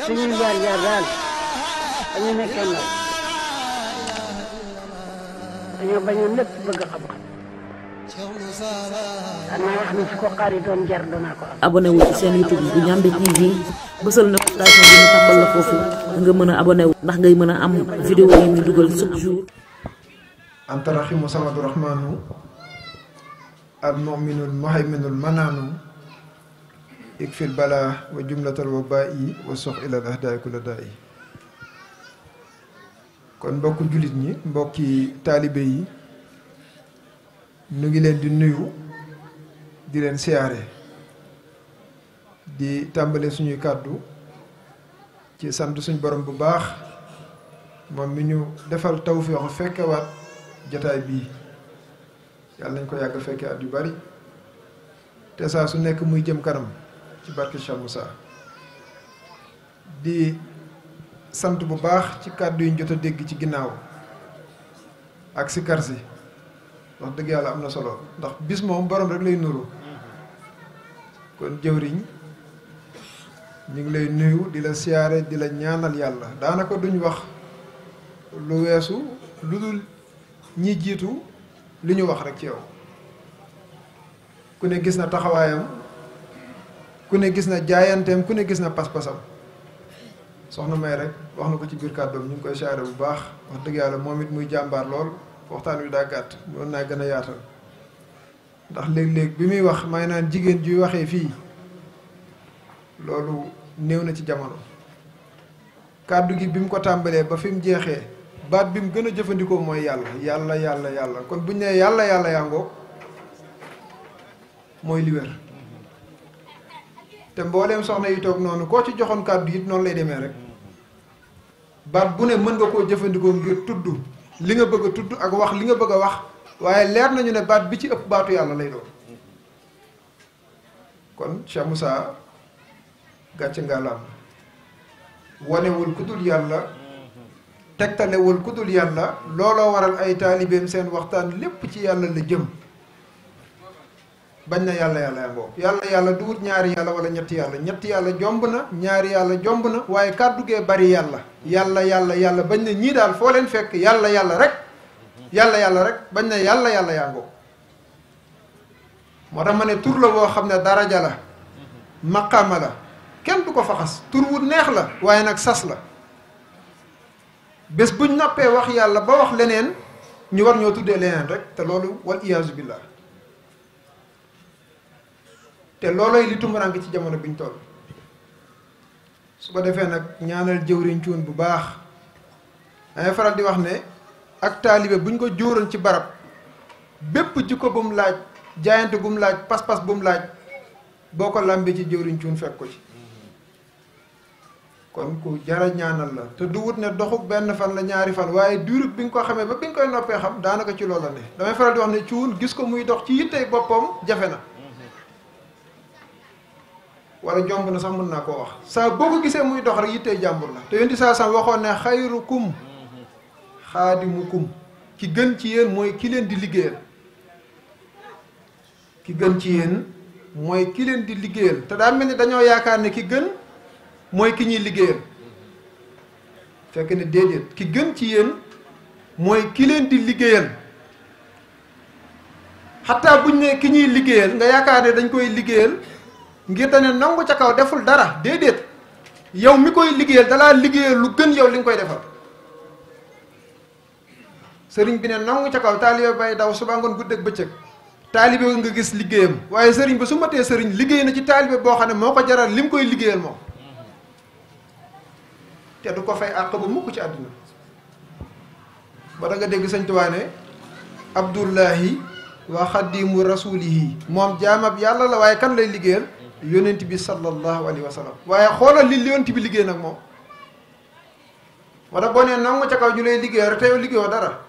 suñuy jaar jaar daal dañu nekkee ñoom dañoo bañoon lépp bëgg xam-xam. xanaa wax ni su ko xaar yi seen YouTube bu Ndiamé TV bësal na station bi nga mën a abonné ndax ngay mën a am vidéo yi ñu dugal chaque jour. anta raximu samadu raxmaanu al muminul manaanu ikfil balaa wa jumlatal wabaa'i wa sox ilal ahdaay ku la daa'i kon mbokku jullit ñi mbokki taalibe yi nu ngi leen di nuyu di leen siyaare di tàmbale suñuy kàddu ci sant suñu borom bu baax moom bi ñu defal tawféexu fekkewaat jataay bii yàlla nañ ko yàgg fekke at yu bari te saa su nekk muy jëm kanam ci barke Cheikh Moussa di sant bu baax ci kàddu yi ñu jot a dégg ci ginnaaw ak si karsi wax dëgg yàlla am na solo ndax bis moom borom rek lay nuru kon jëwriñ ñu ngi lay nuyu di la siyaare di la ñaanal yàlla daanaka duñ wax lu weesu lu dul ñi jiitu li ñu wax rek ci yow ku ne gis na taxawaayam ku ne gis na jaayanteem ku ne gis na pas-pasam soxna may rek wax na ko ci biir kàddoom ñu ngi koy saare bu baax wax dëgg yàlla moom it muy jàmbaar lool waxtaan wi daa gàtt loolu naa gën a yaatal ndax léeg-léeg bi muy wax may naan jigéen juy waxee fii loolu néew na ci jamono kàddu gi bi mu ko tàmbalee ba fi mu jeexee baat bi mu gën a jëfandikoo mooy yàlla yàlla yàlla yàlla kon bu ñu yàlla yàlla yàngoo mooy li te mbooleem soxna yi toog noonu koo ci joxoon kàddu it noonu lay demee rek baat bu ne mën nga koo jëfandikoo ngir tudd li nga bëgg a tudd ak wax li nga bëgg a wax waaye leer nañu ne baat bi ci ëpp baatu yàlla lay doon kon Cheikh Moussa gàcce ngaalaam wanewul ku dul yàlla tegtalewul ku dul yàlla looloo waral ay taalibeem seen waxtaan lépp ci yàlla la jëm bañ na yàlla yàlla yangoo yàlla yàlla du wut ñaari yàlla ñetti yàlla ñetti yàlla jomb na ñaari yàlla jomb na waaye kàddu gee bari yàlla yàlla yàlla yàlla bañ na ñii daal foo leen fekk yàlla yàlla rek yàlla yàlla rek bañ na yàlla yàlla yangoo moo tax ma ne tur la boo xam ne daraja la maqaama la kenn du ko faxas tur wu neex la waaye nag sas la bés bu noppee wax yàlla ba wax leneen ñu war ñoo tuddee leneen rek te loolu wal iyaazu billah te loolooy li tumuraanke ci jamono bi ñu toll su ko defee nag ñaanal jëwriñ cuun bu baax dangay faral di wax ne ak taalibe buñ ko jóoroon ci barab bépp jikko bu mu laaj jaayante bu mu laaj pas-pas bu mu laaj boo ko làmbee ci jëwriñ cuun fekk ko ci kon ku jara ñaanal la te du wut ne doxuk benn fan la ñaari fan waaye durub bi nga ko xamee ba bi nga koy noppee xam daanaka ci loola ne damay faral di wax ne cuun gis ko muy dox ci yittey boppam jafe na wala jomb na sax mën naa koo wax saa boo ko gisee muy dox rek yittee jàmbur la te yonti saa sam waxoon ne xayrukum xaadimukum ki gën ci yéen mooy ki leen di liggéeyal ki gën ci yéen mooy ki leen di liggéeyal te daa mel ni dañoo yaakaar ne ki gën mooy ki ñuy liggéeyal fekk ne déedéet ki gën ci yéen mooy ki leen di liggéeyal xataa buñ ne ki ñuy liggéeyal nga yaakaar ne dañ koy liggéeyal ngir dane nangu ca kaw deful dara déedéet yow mi koy liggéeyal dalaa liggéeyal lu gën yow li nga koy defal sëriñ bi ne nangu ca kaw taalibe bay daw suba ngoon guddeeg bëccëg taalibe nga gis liggéeyam waaye sëriñ ba su matee sëriñ liggéey na ci taalibe boo xam ne moo ko jaral li mu koy liggéeyal moom te du ko fay àq bu mukk ci àdduna ba da nga dégg sëñ Tuubaa ne abdullahi wa xadimu rasulihi moom jaamab yàlla la waaye kan lay liggéeyal yonent bi sallallahu alayhi wa waaye xoolal li yonent bi liggéey nag moom wala boo nee nangu ca kaw ñu lay liggéey rek te yow liggéeyoo dara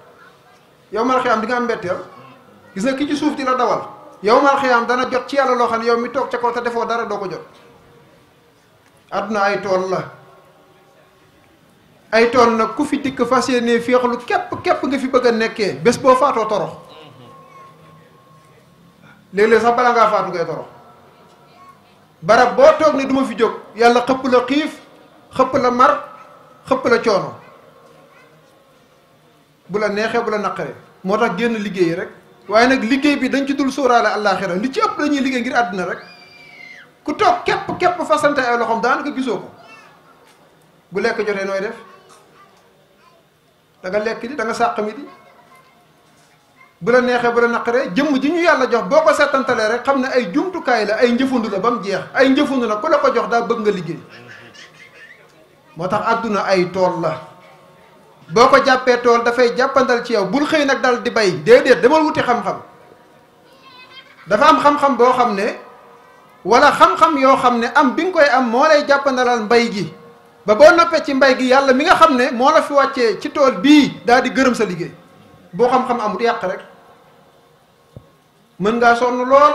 yow mal xiyaam di nga am mbetteel gis nga ki ci suuf di la dawal yow mal xiyaam dana jot ci yàlla loo xam ne yow mi toog ca kaw te defoo dara doo ko jot àdduna ay tool la ay tool na ku fi dikk fas yéenee féexlu képp képp nga fi bëgg a nekkee bés boo faatoo torox léeg-léeg sax bala ngaa faatu ngay torox barab boo toog ne duma fi jóg yàlla xëpp la xiif xëpp la mar xëpp la coono bu la neexee bu la naqaree moo tax génn liggéey rek waaye nag liggéey bi dañ ci dul sóoraale àllaaxira li ci ëpp la ñuy liggéey ngir àdduna rek ku toog képp képp fasante ay loxoom daanaka gisoo ko bu lekk jotee nooy def da lekk di da sàq mi di bu la neexee bu la naqaree jëmm ji ñu yàlla jox boo ko seetantalee rek xam ne ay jumtukaay la ay njëfandu la ba mu jeex ay njëfandu la ku la ko jox daa bëgg nga liggéey moo tax àdduna ay tool la boo ko jàppee tool dafay jàppandal ci yow bul xëy nag dal di bay déedéet demal wuti xam-xam dafa am xam-xam boo xam ne wala xam-xam yoo xam ne am bi nga koy am moo lay jàppandalal mbay gi ba boo noppee ci mbay gi yàlla mi nga xam ne moo la fi wàccee ci tool bii daal di gërëm sa liggéey boo xam-xam yàq rek mën ngaa sonn lool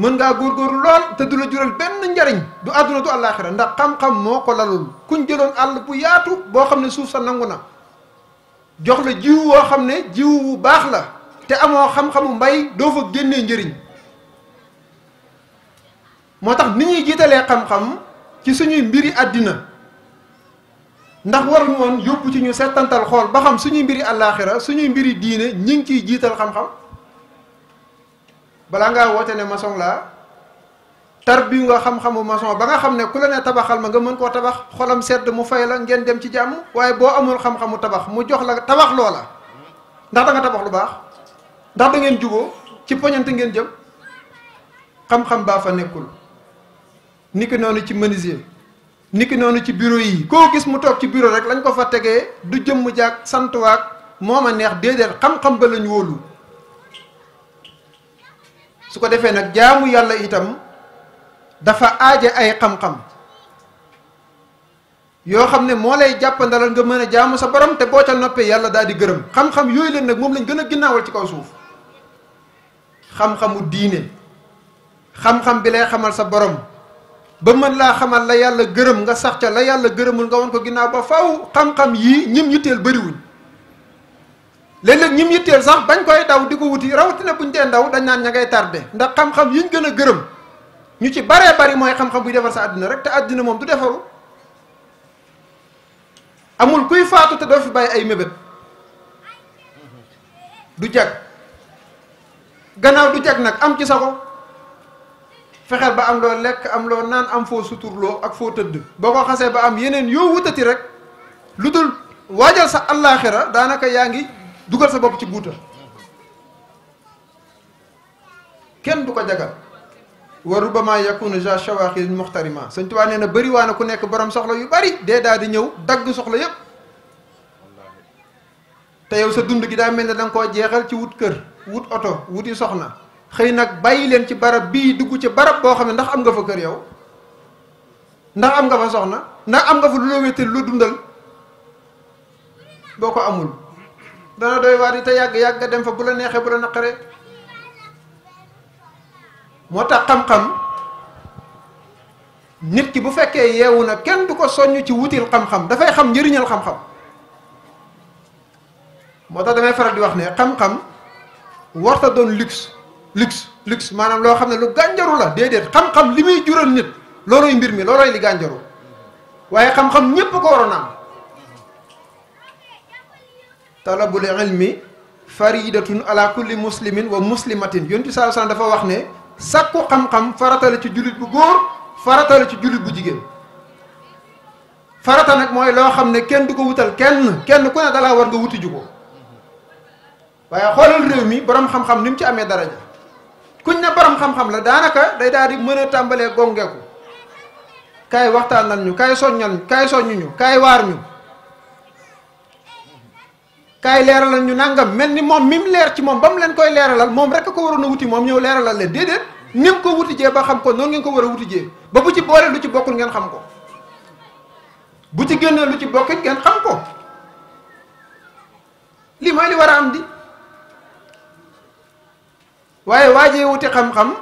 mën ngaa góorgóorlu lool te du la jural benn njariñ du àdduna du àllaaxira ndax xam-xam moo ko lalul kuñ jëloon àll bu yaatu boo xam ne suuf sa nangu na jox la jiw woo xam ne jiw wu baax la te amoo xam-xamu mbay doo fa génnee njëriñ moo tax ni ñuy jiitalee xam-xam ci suñuy mbiri àddina ndax waruñu woon yóbbu ci ñu seetantal xool ba xam suñuy mbiri àllaaxira suñuy mbiri diine ñi ngi ciy jiital xam-xam balaa ngaa woote ne maçon laa tarbiw nga xam-xamu maçon ba nga xam ne ku la ne tabaxal ma nga mën koo tabax xolam sedd mu fay la ngeen dem ci jàmm waaye boo amul xam-xamu tabax mu jox la tabax loola ndax da tabax lu baax ndax da ngeen juboo ci poñante ngeen jëm xam-xam baa fa nekkul niki noonu ci menuisier niki noonu ci bureau yi koo gis mu toog ci bureau rek lañ ko fa tegee du jëmm jaag sant waag moo neex déedéet xam-xam ba lañ wóolu su ko defee nag jaamu yàlla itam dafa aaja ay xam-xam yoo xam ne moo lay jàppandalal nga mën a jaamu sa borom te boo ca noppee yàlla daal di gërëm xam-xam yooyu leen nag moom lañ gën a ginnaawal ci kaw suuf xam-xamu diine xam-xam bi lay xamal sa borom ba mën laa xamal la yàlla gërëm nga sax ca la yàlla gërëmul nga won ko ginnaaw ba faw xam-xam yii ñim yitteel bëriwuñ léeg-léeg ñi mu yitteel sax bañ koy daw di ko wuti rawatina buñ dee ndaw dañ naan ña ngay tardé ndax xam-xam yiñ gën a gërëm ñu ci baree bari mooy xam-xam buy defar sa àddina rek te àddina moom du defaru amul kuy faatu te doo fi bàyyi ay mébét du jag gannaaw du jag nag am ci sago fexeel ba am loo lekk am loo naan am foo suturloo ak foo tëdd boo ko xasee ba am yeneen yoo wutati rek lu dul waajal sa allaaxira daanaka yaa ngi dugal sa bopp ci guuta kenn du ko jagal wa rubama yakunu ja shawaxil muxtarima sëñ Tuubaa nee na bëri na ku nekk borom soxla yu bari dee daal di ñëw dagg soxla yépp te yow sa dund gi daa mel ne da nga koo jeexal ci wut kër wut oto wuti soxna xëy nag bàyyi leen ci barab bii dugg ci barab boo xam ne ndax am nga fa kër yow ndax am nga fa soxna ndax am nga fa lu la wéetal lu dundal boo ko amul dana doy waar yi te yag yàgg dem fa bu la neexee bu la naqaree moo xam-xam nit ki bu fekke yewuna na kenn du ko soññ ci wutil xam-xam fay xam jeriñal xam-xam moo dama faral di wax ne xam-xam warta don luxe luxe luxe Manam lo xamne lu ganjaru la dedet xam-xam limi jural nit looloy mbir mi looloy li ganjaru waye xam-xam ñepp ko waro nam talabul ilmi faridatun ala kulli muslimin wa muslimatin yontu saa sallam dafa wax ne sàkku xam-xam farata la ci jullit bu góor farata la ci jullit bu jigéen farata nag mooy loo xam ne kenn du ko wutal kenn kenn ku ne dalaa war nga wuti ju ko waaye xoolal réew mi borom xam-xam ni mu ci amee daraja kuñ ne borom xam-xam la daanaka day daal di mën a tàmbalee gongeeku kaay waxtaanal ñu kaay soññal ñu kaay soññu ñu kaay waar ñu kaay leeralal ñu nàngam mel ni moom mi mu leer ci moom ba mu leen koy leeralal moom rek ko waroon a wuti moom ñëw leeralal leen déedéet ni mu ko wuti jee ba xam ko noonu ngeen ko war a wuti jee ba bu ci boole lu ci bokkul ngeen xam ko bu ci génnee lu ci bokkit ngeen xam ko lii mooy li war a am di waaye waajee wuti xam-xam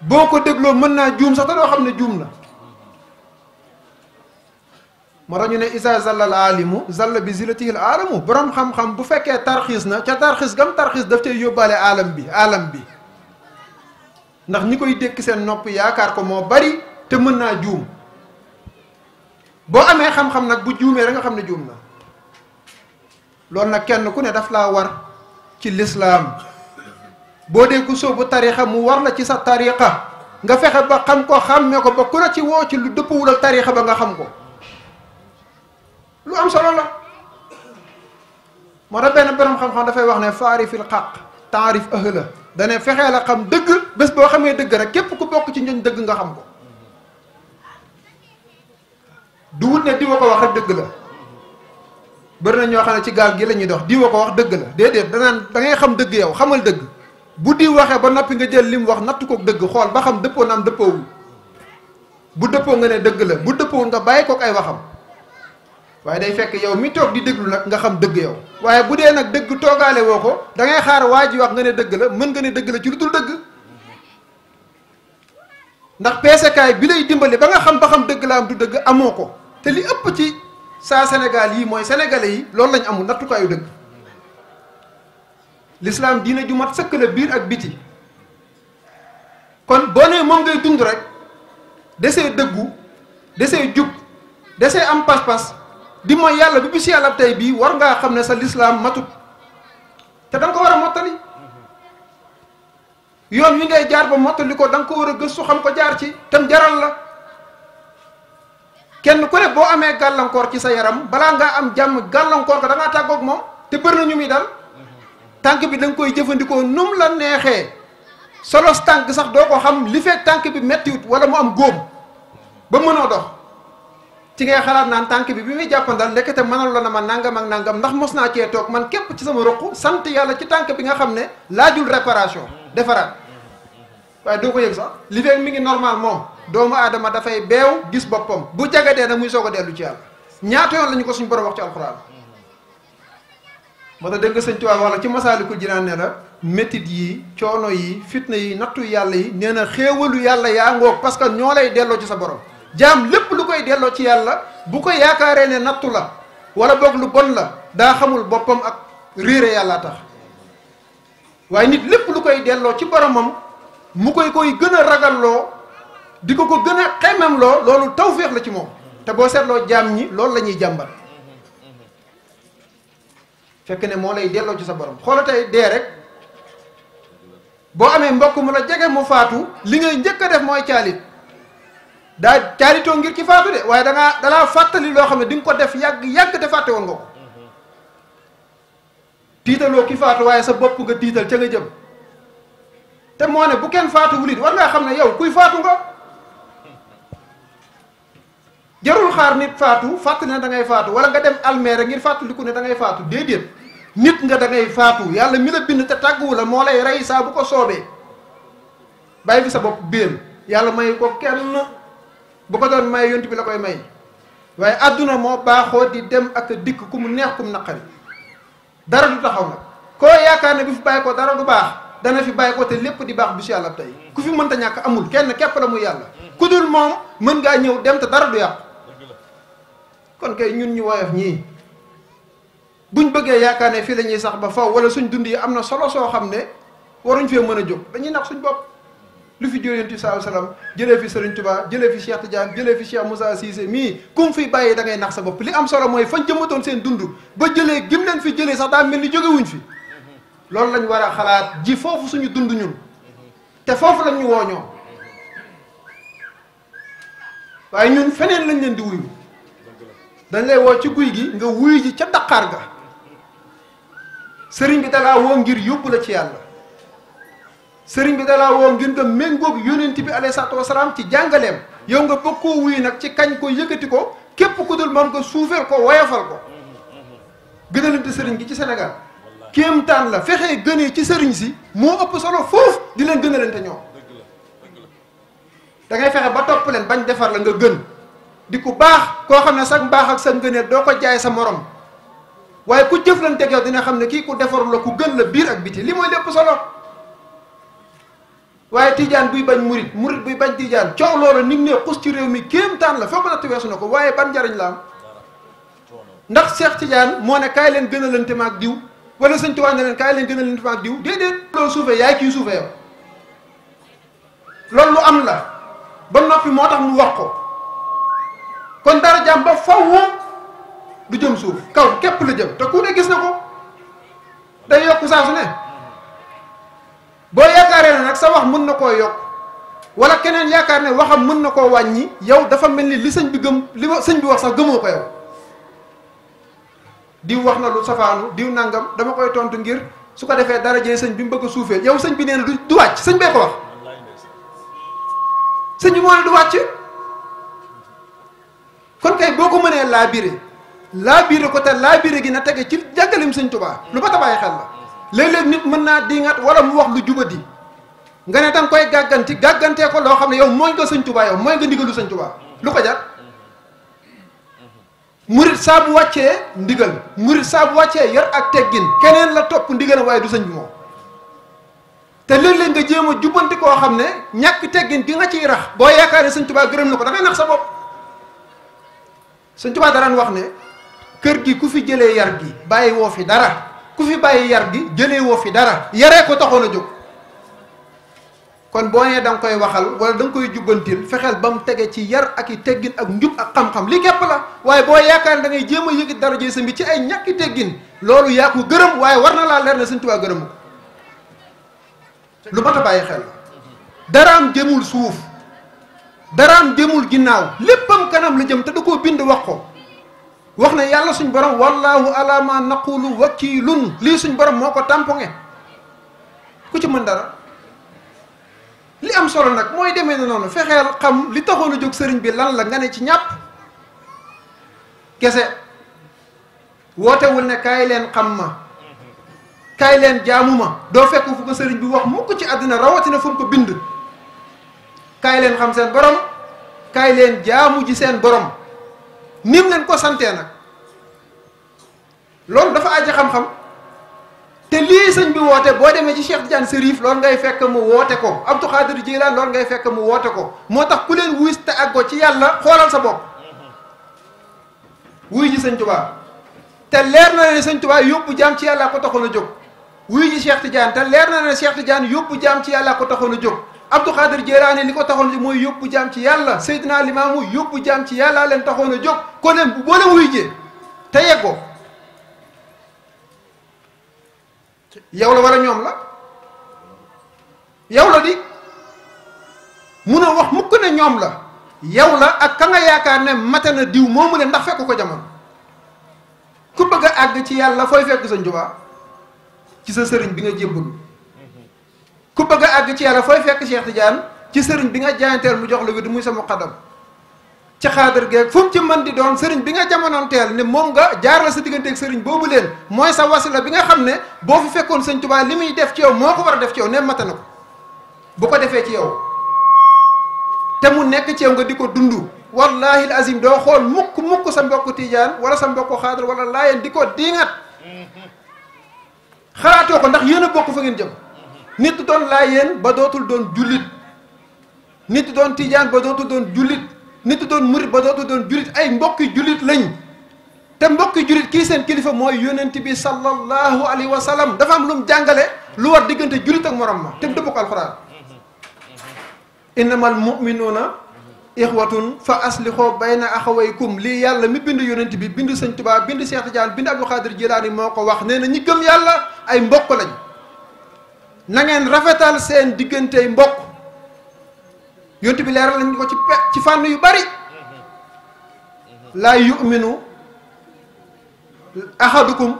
boo ko dégloo mën naa juum sax te doo xam ne juum na moo tax ñu ne isa zallal aalimu zall bi zilatihil aalamu borom xam-xam bu fekkee tarxiis na ca tarxiis gam tarxiis daf cay yóbbaale aalam bi aalam bi ndax ñi koy dékk seen nopp yaakaar ko moo bari te mën naa juum boo amee xam-xam nag bu juumee rek nga xam ne juum na loolu nag kenn ku ne daf laa war ci lislaam boo dee ku sóobu tarixa mu war la ci sa tarixa nga fexe ba xam ko xàmmee ko ba ku la ci woo ci lu dëppwul ak tarixa ba nga xam ko lu am solo la moo tax benn borom xam-xam dafay wax ne faarifil xaq taarif ahla dane fexee la xam dëgg bés boo xamee dëgg rek képp ku bokk ci ñun dëgg nga xam ko du wut ne diwa ko wax rek dëgg la bëri na ñoo xam ne ci gaal gi la ñuy dox diwa ko wax dëgg la déedéet danaan da ngay xam dëgg yow xamal dëgg bu di waxe ba noppi nga jël lim wax natt ko dëgg xool ba xam dëppoo naam dëppoowul bu dëppoo nga ne dëgg la bu dëppoowul nga bàyyi kook ay waxam waaye day fekk yow mi toog di déglu nag nga xam dëgg yow waaye bu dee nag dëgg toogaale woo ko dangay ngay xaar waa ji wax nga ne dëgg la mën nga ne dëgg la ci lu dul dëgg ndax peesekaay bi lay dimbali ba nga xam ba xam dëgg la am du dëgg amoo ko te li ëpp ci saa Sénégal yi mooy sénégalais yi loolu lañ amul nattukaayu dëgg l'islam diina ju mat sëkk la biir ak biti kon boo nee moom ngay dund rek desee dëggu desee jub desee am pas-pas di yàlla bi bis yàlla tey bii war ngaa xam ne sa lislaam matut te da ko war a mottali yoon wi ngay jaar ba mottali ko danga ko war a gëstu xam ko jaar ci tam jaral la kenn ku ne boo amee gàllankoor ci sa yaram balaa ngaa am jàmm gàllankoor ko da ngaa moom te bëri na ñu muy dal tànk bi da koy jëfandikoo num la neexee solos tànk sax doo ko xam li fekk tànk bi mettiwut wala mu am góom ba mënoo dox ci ngay xalaat naan tànk bi bi muy jàppandal ndekete mënal la na ma nangam ak nangam ndax mos naa cee toog man képp ci sama ruq sant yàlla ci tànk bi nga xam ne laajul réparation defaraat waaye doo ko yëg sax li fekk mi ngi normal moom doomu aadama dafay beew gis boppam bu jagadee nag muy soog a dellu ci yàlla ñaata yoon la ko suñu borom wax ci alxuraan moo tax dégg nga sëñ Tuubaa wax la ci masaalikul jinaan ne la métit yi coono yi fitna yi nattu yàlla yi nee na xéewalu yàlla yaa ngoog que ñoo lay delloo ci sa borom jaam lépp lu koy delloo ci yàlla bu ko yaakaaree ne nattu la wala boog lu bon la daa xamul boppam ak réere yàlla tax waaye nit lépp lu koy delloo ci boromam mu koy koy gën a ragalloo di ko ko gën a loo loolu tawféex la ci moom te boo seetloo jaam ñi loolu la ñuy jàmbat fekk ne moo lay delloo ci sa borom xoola tey dee rek boo amee mbokk mu la jege mu faatu li ngay njëkk a def mooy caalit daa caaritoo ngir kifatu de waye da ngaa dalaa la fatali lo xamne ding ko def yag yag te fàtte woon nga ko ki sa bop nga tital ca nga jëm te mo ne bu ken fatu wulit war nga xamne yow kuy fatu nga jarul xaar nit fatu fatu ne da ngay fatu wala nga dem almeere ngir liku ne da ngay fatu dedet nit nga da ngay fatu yalla mi la bind te tàgguwu la moo lay ray sa bu ko sobe bàyyi fi sa bop yalla may ko kenn. bu ko doon may yont bi la koy may waaye àdduna moo baaxoo di dem ak dikk ku mu neex ku naqari dara du taxaw nag koo yaakaar ne bi fi bàyyi ko dara du baax dana fi bàyyi ko te lépp di baax bu si yàlla tey ku fi mënta ñàkk amul kenn képp la muy yàlla ku dul moom mën ngaa ñëw dem te dara du yàqu kon kay ñun ñu woyof ñii buñ bëggee yaakaar ne fii lañuy sax ba faw wala suñ dund yi am na solo soo xam ne waruñ fee mën a jóg dañuy nax suñ bopp lu fi jóge yonent bi sallallahu alayhi wasallam jëlee fi Serigne Touba jëlee fi Cheikh Tidiane jëlee fi Cheikh Moussa Cissé mii ku mu fi bàyyee da ngay nax sa bopp li am solo mooy fañ jëmmatoon seen dund ba jëlee gim leen fi jëlee sax daa mel ni jógewuñ fi loolu lañ war a xalaat ji foofu suñu dund ñun te foofu lañ ñu wooñoo waaye ñun feneen lañ leen di wuyu dañ lay woo ci guy gi nga wuyu ji ca daqaar ga sëriñ bi dalaa woo ngir yóbbu la ci yàlla sëriñ bi dalaa woo ngir nga méngoog yónent bi alayhi salaatu wasalaam ci jàngaleem yow nga koo wuy nag ci kañ ko yëkkati ko képp ku dul mën ko suufee ko woyofal ko gënalante sëriñ gi ci Sénégal kéemtaan la fexee gënee ci sëriñ si moo ëpp solo foofu di leen gënalante ñoom da ngay fexe ba topp leen bañ defar la nga gën di ku baax koo xam ne sax mbaax ak sa ngëneel doo ko jaay sa morom waaye ku jëflanteeg yow dina xam ne kii ku defarul la ku gën la biir ak biti li mooy lépp solo waaye tijaan buy bañ murit murit buy bañ tijaan coow loolu nit ne xus ci réew mi kéemtaan la foo ko natt weesu na ko waaye ban njariñ la ndax Seex Tijaan moo ne kaay leen gën a lante diw wala sëñ Tuubaa ne leen kaay leen gën a lante maag diw déedéet loolu suufee yaay kii suufee loolu am la ba noppi moo tax mu wax ko kon dara jaam ba faw du jëm suuf kaw képp la jëm te ku ne gis na ko day yokk saa su ne boo yaakaaree ne nag sa wax mën na koo yokk wala keneen yaakaar ne waxam mën na koo wàññi yow dafa mel ni li sëñ bi gëm li sëñ bi wax sax gëmoo ko yow diw wax na lu safaanu diw nangam dama koy tontu ngir su ko defee dara jëlee sëñ bi mu bëgg a suufee yow sëñ bi neen na du du wàcc sëñ bee ko wax sëñ bi moo ne du wàcc kon kay boo ko mënee laa bire laa bire ko te laa bire gi na tege ci jàngalim sëñ Tuubaa lu ba tabaay xel la léeg-léeg nit mën naa diingat wala mu wax lu juba jubadi nga ne danga koy gàgganti gàggantee ko loo xam ne yow mooy nga sëñ tubaa yow mooy nga ndigalu sëñ tubaa lu ko jar murit saa bu wàccee ndigal murit saa bu wàccee yar ak teggin keneen la topp ndigal waaye du sëñ moom te léeg-léeg nga jéem a jubbanti koo xam ne ñàkk teggin gi nga ciy rax boo yaakaar ne sëñ tubaa gërëm na ko da ngay sa bopp sëñ tubaa daraan wax ne kër gi ku fi jële yar gi bàyyi woo fi dara ku fi bàyyi yar gi jëlee woo fi dara yaree ko taxoon a jóg kon boo nee danga koy waxal wala da nga koy jubbantil fexeel ba mu tege ci yar ak i teggin ak njub ak xam-xam li képp la waaye boo yaakaar da ngay jéem a yëgit dara jëy sa mbi ci ay ñàkki teggin loolu yaa ko gërëm waaye war na laa leer na Sëñ Tuubaa gërëmu ko lu mat a bàyyi xel daraam jëmul suuf daraam jëmul ginnaaw léppam kanam la jëm te du koo bind wax ko wax ne yàlla suñ borom wallahu ala ma naqulu wakilun lii suñu borom moo ko tamponge ku ci mën dara li am solo nag mooy demee na noonu fexeel xam li taxoon a jóg sëriñ bi lan la nga ne ci ñàpp kese wootewul ne kaay leen xam ma kaay leen jaamu ma doo fekk fu ko sëriñ bi wax mu ci àddina rawatina fu mu ko bind kaay leen xam seen borom kaay leen jaamu ji seen borom nim leen ko santee nag loolu dafa aji xam-xam te lii sëñ bi woote boo demee ci Cheikh Tidiane Serif loolu ngay fekk mu woote ko Abdou Khadir Jilaan loolu ngay fekk mu woote ko moo tax ku leen wuy te àggoo ci yàlla xoolal sa bopp wuy ji sëñ te leer na ne sëñ Tuubaa yóbbu jaam ci yàlla ko taxoon a jóg wuy ji Cheikh te leer na ne Cheikh Tidiane yóbbu jaam ci yàlla ko taxoon a jóg Abdou Khadir Jéelaani li ko taxoon li mooy yóbbu jaam ci yàlla Seydina Limaamu yóbbu jaam ci yàlla leen taxoon a jóg kon bu boo leen wuy jee te yeggoo yow la wala ñoom la yow la di mun a wax mukk ne ñoom la yow la ak ka nga yaakaar ne mate na diw moomu ne ndax fekk ko jamono ku bëgg a àgg ci yàlla fooy fekk sa njubaa ci sa sëriñ bi nga jébbalu ku bëgg a àgg ci yàlla fooy fekk Cheikh Tidiane ci sëriñ bi nga jaayanteel mu jox la wird muy sa muqaddam ci xaadar geeg fu ci man di doon sëriñ bi nga jamonoon teel ne moom nga jaar la sa digganteeg sëriñ boobu leen mooy sa wasila bi nga xam ne boo fi fekkoon sëñ Tuubaa li muy def ci yow moo ko war a def ci yow ne mata na ko bu ko defee ci yow te mu nekk ci yow nga di ko dund wallahi al azim doo xool mukk mukk sa mbokku tiijaan wala sa mbokk xaadar wala laayeen di ko diingat ko ndax yéen bokk fa ngeen jëm nit du doon laayeen ba dootul doon jullit nit doon tiijaan ba dootul doon jullit nit du doon murit ba dootul doon jullit ay mbokki jullit lañ te mbokki jullit kii seen kilifa mooy yonent bi sallallahu alayhi wa sallam dafa am lu mu jàngale lu war diggante jullit ak morom ma te mu dëpp ko alxuraan innamal mu'minuuna ixwatun fa aslixoo bayna axawaykum lii yàlla mi bind yonent bi bind sëñ Tuubaa bind Seex Tijaan bind Abdul Xaadir Jilaani moo ko wax nee na ñi gëm yàlla mbokk lañ na rafetal seen diggantey mbokk yontu bi leeral nañu ko ci ci fànn yu bari laa yuminu ahadukum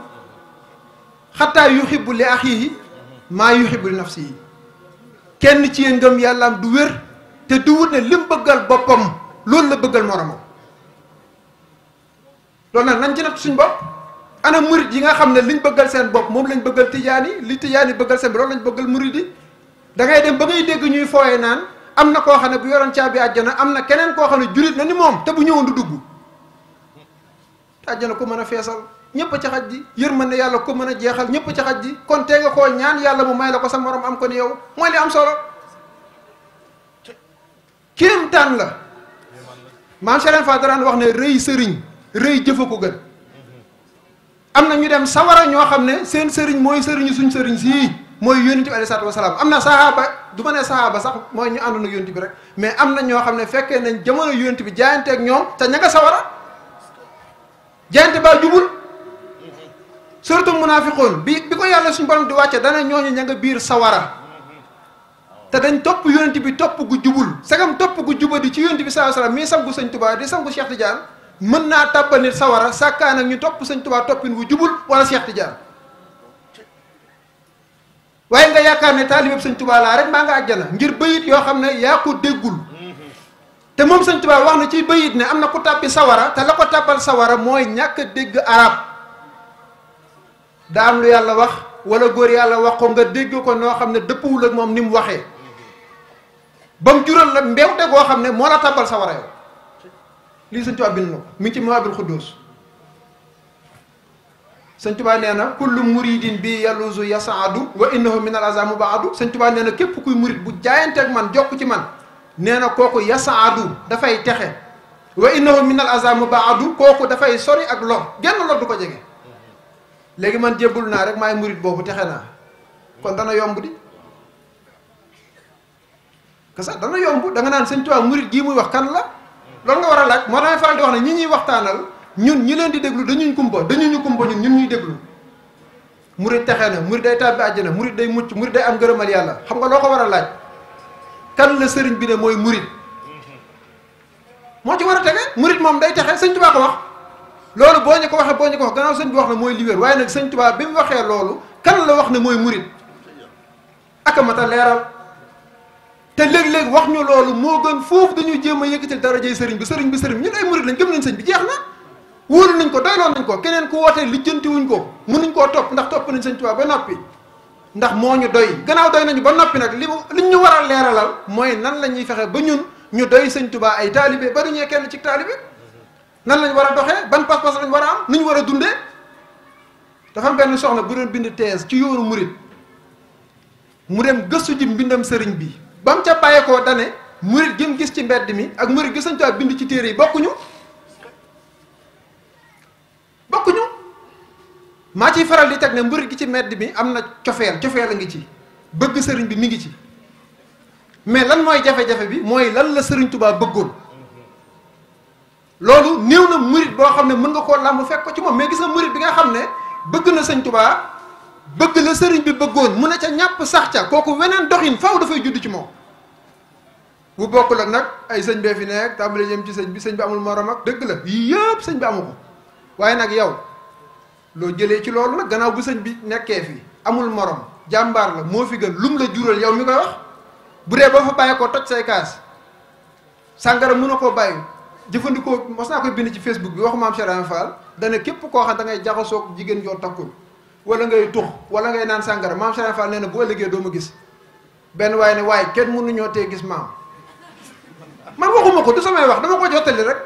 xataa yuhibbu li axihi maa yuhibbu li nafsihi kenn ci yéen ngëm yàllaam du wér te du wut ne lim bëggal boppam loolu la bëggal moromam loolu nag nañ ci natt suñ bopp ana murid yi nga xam ne liñ bëggal seen bopp moom lañ bëggal tijaan yi li tijaan yi bëggal seen bopp loolu lañ bëggal murid yi dangay ngay dem ba ngay dégg ñuy fooye naan am na koo xam ne bu yoroon caabi àjjana am na keneen koo xam ne jurit na ni moom te bu ñëwoon du dugg te àjjana ko mën a feesal ñëpp a ci xaj mën na yàlla ko mën a jeexal ñëpp ci xaj ji kon tee koo ñaan yàlla mu may la ko sa morom am ko ni yow mooy li am solo kéemtaan la maam Serigne Fall daan wax sëriñ rëy jëfa ko gën am na ñu dem sawara ñoo xam ne seen sëriñ mooy sëriñu suñ sëriñ sii mooy yónent bi alayhi salaatu wasalaam am na sahaaba du ma ne sahaaba sax mooy ñu àndoon ak yónent bi rek mais am na ñoo xam ne fekkee nañ jamono yónent bi jaayanteeg ñoom te ña nga sawara jaayante baa jubul surtout munaafiqoon bi bi ko yàlla suñu borom di wàcce dana ñooñu ña nga biir sawara te dañ topp yónent bi topp gu jubul segam topp gu jubadi ci yónent bi saa salaam mii sangu sëñ Tuubaa di sangu Cheikh Tidiane mën naa tàbbal nit sawara sàkkaan ak ñu topp sëñ Tuubaa toppin wu jubul wala Cheikh Tidiane waaye nga yaakaar ne taalibeb sëñ Tuubaa laa rek maa nga àjjana ngir bayit yoo xam ne yaa ko déggul te moom sëñ Tuubaa wax na ci bayit ne am na ku tàbbi sawara te la ko tàbbal sawara mooy ñàkk dégg arab daa am lu yàlla wax wala góor yàlla wax ko nga dégg ko noo xam ne dëppwul ak moom ni mu waxee ba jural la mbeewte goo xam ne moo la tàbbal sawara yow lii sëñ Tuubaa bind na ko mi ngi ci Mawaahibul Xudduus sëñ Tuubaa nee na muridin bi yaluzu yasaadu wa innahu min al aza mubaadu sëñ Tuubaa nee na képp kuy murid bu jaayanteeg man jokk ci man nee na kooku yasaadu dafay texe wa innahu min al aza mubaadu kooku dafay sori ak lor genn lor du ko jege léegi man jébbul naa rek maay murid boobu texe naa kon dana yomb di parce que dana yomb da nga naan sëñ Tuubaa murid gii muy wax kan la loolu nga war a laaj moo tax faral di wax ne ñi ñuy waxtaanal ñun ñi leen di déglu dañuy kumpa dañuñu kumpa ñun ñun ñuy déglu murid texe na murid day tàbbi na murid day mucc murid day am gërëmal yàlla xam nga loo ko war a laaj kan la sëriñ bi ne mooy murid moo ci war a tege murid moom day texe sëñ tubaa ko wax loolu boo ñu ko waxee boo ñu ko wax gannaaw sëñ bi wax na mooy li waaye nag sëñ tubaa bi mu waxee loolu kan la wax ne mooy murid akamata leeral te léeg-léeg wax ñu loolu moo gën foofu dañuy jéem a yëkkatil darajey sëriñ bi sëriñ bi sëriñ ñun ay murid lañ gëm nañ sëñ bi jeex na wóolu nañ ko doyloon nañ ko keneen ku wootee lijjanti wuñ ko mënuñ ko topp ndax topp nañ sëñ Tuubaa ba noppi ndax moo ñu doy gannaaw doy nañu ba noppi nag li liñ ñu war a leeralal mooy nan la ñuy fexe ba ñun ñu doy sëñ Tuubaa ay taalibe ba duñee kenn ci taalibe nan lañ war a doxee ban pas-pas lañ war a am ñu war a dundee dafa benn soxna bu doon bind thèse ci yoonu murid mu dem gëstu ji mbindam sëriñ bi ba mu ca bàyyeekoo dane murit gi mu gis ci mbedd mi ak murit gi Sëñ Tuubaa bind ci téere yi bokkuñu bokkuñu maa ciy faral di teg ne murit gi ci mbedd mi am na cofeel cofeel a ngi ci bëgg sëriñ bi mi ngi ci mais lan mooy jafe-jafe bi mooy lan la sëriñ tubaab bëggoon loolu néew na murit boo xam ne mën nga koo làmb fekk ko ci moom mais gis nga murit bi nga xam ne bëgg na Sëñ Tuubaa bëgg la sëriñ bi bëggoon mu ne ca ñàpp sax ca kooku weneen doxin faw dafay judd ci moom bu bokk ak nag ay sëñ bee fi nekk tàmbali ci sëñ bi sëñ bi amul morom ak dëgg la yii yëpp sëñ bi amu ko waaye nag yow loo jëlee ci loolu nag gannaaw bu sëñ bi nekkee fi amul morom jàmbaar la moo fi gën lum la jural yow mi koy wax bu dee boo fa bàyyee koo toj say kaas sàngara mun a koo bàyyi jëfandikoo mos naa koy bind ci Facebook bi waxu maam Cheikh Fall dana képp koo xam da ngay jaxasoo jigéen joo takkul wala ngay tux wala ngay naan sàngara maam Cheikh Fall nee na bu ëllëgee doo gis benn waaye ne waaye kenn mënuñoo tee gis maam man waxuma ko du samay wax dafa ko jottali rek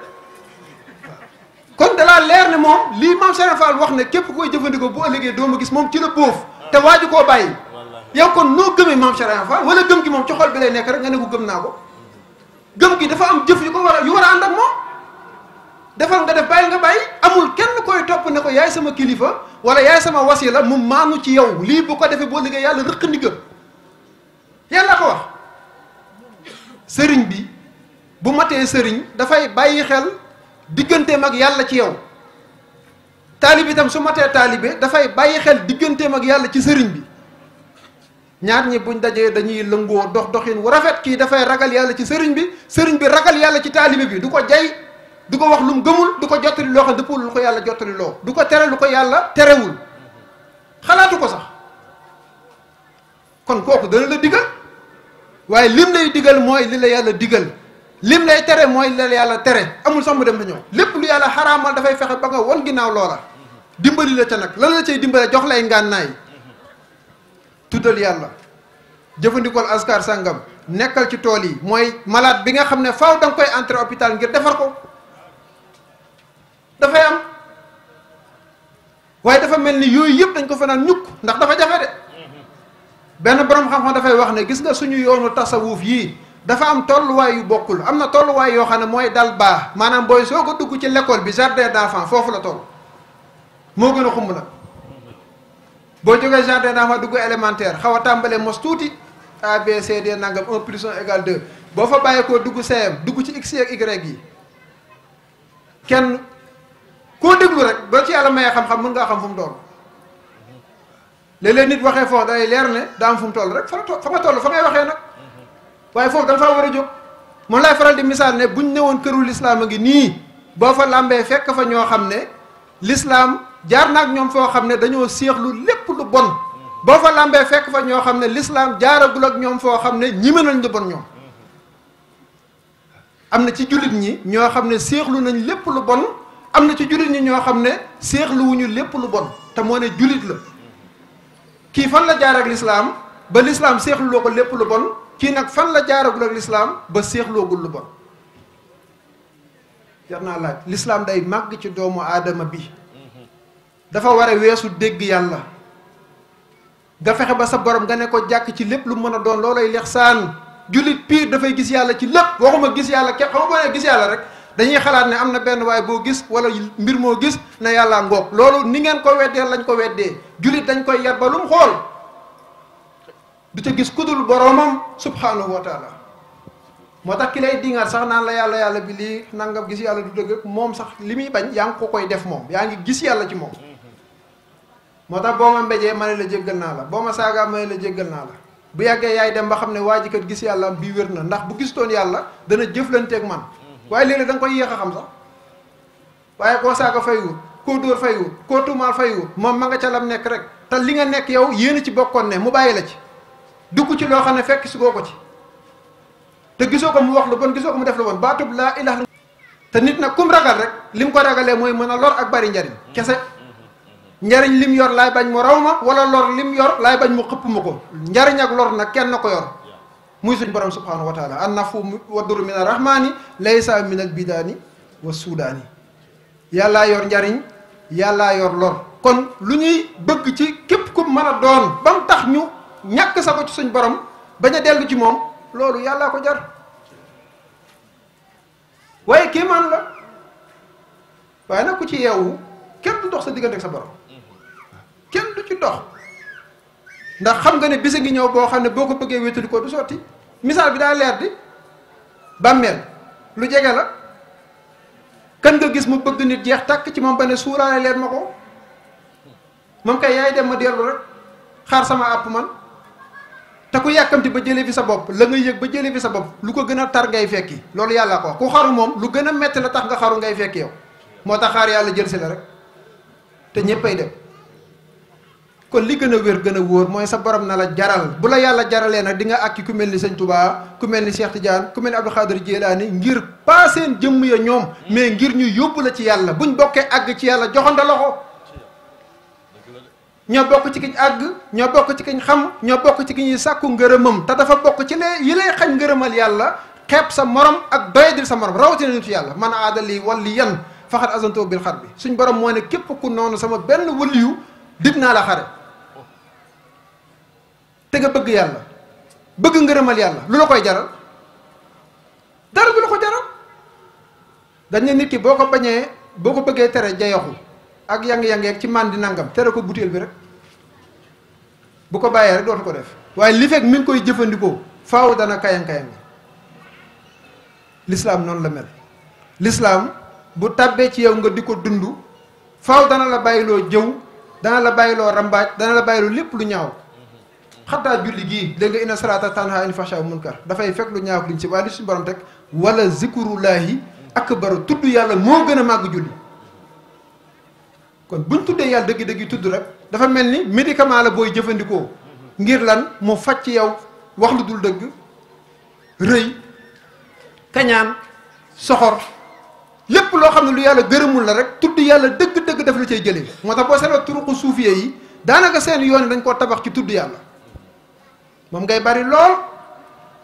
kon dalaa leer ne moom lii maam Cheikh wax ne képp koy jëfandikoo bu ëllëgee doo ma gis moom ci la bóof te waaju koo bàyyi yow kon noo gëmee maam Cheikh Fall wala gëm gi moom ci xol bi lay nekk rek nga ne ko gëm naa ko gëm gi dafa am jëf yu ko war a yu war a moom defal nga def bàyyi nga bàyyi amul kenn koy topp ne ko yaay sama kilifa wala yaay sama wasila mu maanu ci yow lii bu ko defee boo liggéey yàlla rëq ndigam yàlla ko wax sëriñ bi bu matee sëriñ dafay bàyyi xel digganteem ak yàlla ci yow taalibe itam su matee taalibe dafay bàyyi xel digganteem ak yàlla ci sëriñ bi ñaar ñi buñ dajee dañuy lëngoo dox doxin wu rafet kii dafay ragal yàlla ci sëriñ bi sëriñ bi ragal yàlla ci taalibe bi du ko jay du ko wax lu mu gëmul du ko jottali loo xam dëppul lu ko yàlla jottali loo du ko tere lu ko yàlla terewul xalaatu ko sax kon kooku dana la digal waaye lim lay digal mooy li la yàlla digal lim lay tere mooy li la yàlla tere amul sax mu dem na ñëw lépp lu yàlla xaraamal dafay fexe ba nga won ginnaaw loola dimbali la ca nag lan la cay dimbale jox lay ngànnaay tuddal yàlla jëfandikool askar sàngam nekkal ci tool yi mooy malaat bi nga xam ne faaw da koy entrer hôpital defar ko dafay am waaye dafa mel ni yooyu yëpp dañ ko fa ñukk ndax dafa jafe de benn borom xam-xam dafay wax ne gis nga suñu yoonu tasawuf yii dafa am tolluwaay yu bokkul am na tolluwaay yoo xam ne mooy dal baax maanaam booy soo ko dugg ci l'école bi jardin d'enfant foofu la toll moo gën a xumb nag boo jógee jardin ma dugg élémentaire xaw a tàmbalee mos tuuti A B C D nangam 1 plus 1 boo fa bàyyeekoo dugg CM dugg ci X ak Y yi kenn. koo déglu rek ba ci yàlla mayee xam-xam mën ngaa xam fu mu doon léeg nit waxee foofu day leer ne daa am fu mu rek fa fa ma toll fa ngay waxee nag waaye foofu dafa war a jóg moom lay faral di misaal ne bu ñu buñ newoon këru lislaam a ngi nii boo fa làmbee fekk fa ñoo xam ne lislaam jaar naak ñoom foo xam ne dañoo séexlu lépp lu bon boo fa làmbee fekk fa ñoo xam ne lislaam jaaragul ak ñoom foo xam ne ñime nañ lu bon ñoom am na ci jullit ñi ñoo xam ne séexlu nañ lépp lu bon am na ci jullit ñi ñoo xam ne seexluwuñu lépp lu bon te moo ne jullit la kii fan la jaar ak lislaam ba lislaam seexluloo ko lépp lu bon kii nag fan la jaaragul ak lislaam ba seexloogul lu bon jar naa laaj lislaam day màgg ci doomu aadama bi dafa war a weesu dégg yàlla nga ba sa borom nga ne ko jàkk ci lépp lu mën a doon ay lex saan jullit piir dafay gis yàlla ci lépp waxuma gis yàlla képp xam nga boo gis yàlla rek dañuy xalaat ne am na benn waay boo gis wala mbir moo gis ne yàlla ngoog loolu ni ngeen ko weddee lañ ko weddee jullit dañ koy yar ba lu xool du ca gis kudul boroomam subhanahu wa taala moo tax ki lay dingaat sax naa la yàlla yàlla bi lii nangam gis yàlla du dëgg moom sax li muy bañ yaa ngi ko koy def moom yaa ngi gis yàlla ci moom moo tax boo ma mbéjee ma ne la jéggal naa la boo ma saagaa ma ne la jéggal naa la bu yàggee yaay dem ba xam ne waa ji kat gis yàlla bi na ndax bu gistoon yàlla dana jëflanteeg man waaye léeg-léeg da koy yéex a xam sax waaye koo saaga faywut koo dóor faywut koo tuumaal faywut moom ma nga ca lam nekk rek te li nga nekk yow yéen ci bokkoon ne mu bàyyi la ci dugg ci loo xam ne fekk si goo ko ci te gisoo ko mu wax lu bon gisoo ko mu def lu bon baatub laa ilaha te nit nag kum ragal rek mu ko ragalee mooy mën a lor ak bari njariñ kese njariñ mu yor laay bañ mu raw ma wala lor mu yor laay bañ mu xëppuma ko njariñ ak lor nag kenn ko yor muy suñ borom subhanahu wa taala an nafu wa duru min al rahmani laysa min al bidaani wa suudaani yàlla yor njariñ yàlla yor lor kon lu ñuy bëgg ci képp ku mën a doon ba mu tax ñu ñàkk sa ko suñ borom bañ a dellu ci moom loolu yàlla ko jar waaye kii la waaye nag ku ci yeewu kenn du dox sa diggante ak sa borom kenn du ci dox ndax xam nga ne bés a ngi ñëw boo xam ne boo ko bëggee wéetali ko du sotti misaal bi daa leer di bàmmeel lu jege la kan nga gis mu bëgg nit jeex tàkk ci moom ba ne suuraale leen ma ko moom kay yaay dem ma dellu rek xaar sama àpp man te ku yàkkamti ba jëlee fi sa bopp la nga yëg ba jëlee fi sa bopp lu ko gën a tar ngay fekki loolu yàlla ko ku xaru moom lu gën a metti la tax nga xaru ngay fekki yow moo tax xaar yàlla jël si la rek te ñëppay dem kon li gën a wér gën a wóor mooy sa borom na la jaral bu la yàlla jaralee nag di nga àkki ku mel ni sëñ Touba ku mel ni Cheikh Tidiane ku mel ni Abdou Khadir Jilaani ngir pas seen jëmm ya ñoom mais ngir ñu yóbbu la ci yàlla buñ bokkee àgg ci yàlla joxante loxo ñoo bokk ci kiñ àgg ñoo bokk ci kiñ xam ñoo bokk ci ki ñuy sàkku ngërëmam te dafa bokk ci lee yi lay xañ ngërëmal yàlla xeeb sa morom ak doyadil sa morom rawatina nitu yàlla man aada lii wali yan faxat azanto bil bi suñ borom moo ne képp ku noonu sama benn waliyu dig naa la xare te nga bëgg yàlla bëgg ngërëmal yàlla lu la koy jaral dara du la ko jaral dañ ne nit ki boo ko bañee boo ko bëggee tere jayoxu ak yang-yangeeg ci di nangam tere ko butéel bi rek bu ko bàyyee rek dootu ko def waaye li fek mi ngi koy jëfandikoo faaw dana kayang-kayang l'islam non la mel l'islam bu tàbbee ci yow nga di ko dund dana la bàyyiloo jëw dana la bàyyiloo rambaaj dana la bàyyiloo lépp lu ñaaw xataa julli gii dégg nga inna salaata tanha anil fahsha munkar dafay fekk lu ñaaw liñ ci waaye li suñu borom teg wala zikrullahi akbar tudd yàlla moo gën a màgg julli kon buñ tuddee yàlla dëgg-dëgg tudd rek dafa mel ni médicament la booy jëfandikoo ngir lan mu fàcc yow wax lu dul dëgg kañaan soxor lépp loo xam ne lu yàlla gërëmul la rek tudd yàlla dëgg-dëgg daf la cay jële moo tax boo seetloo turuqu suufiyee yi daanaka seen yoon dañ koo tabax ci tudd yàlla moom ngay bari lool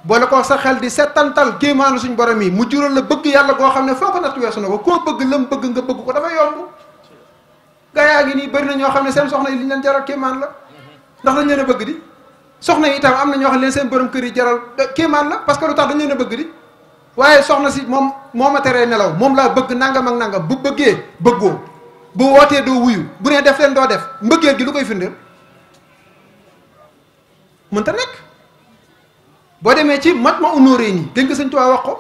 boole ko sa xel di settantal kéemaanu suñ borom yi mu jural la bëgg yàlla goo xam ne foo ko natt weesu na ko koo bëgg lam bëgg nga bëgg ko dafa yomb gaa yaa ngi nii bëri na ñoo xam ne seen soxna yi li ñu leen jaral kéemaan la ndax dañ leen a bëgg di soxna yi itam am na ñoo xam ne seen borom kër yi jaral eh, kéemaan la parce que lu tax dañ leen a bëgg di waaye soxna si moom moo ma teree nelaw moom laa bëgg nangam ak nangam bu bëggee bëggoo bu wootee doo bu nee def leen doo def mbëggeel gi lu koy firndeel mënta nekk boo demee ci mat ma unóoree nii dégg nga sëñ wax ko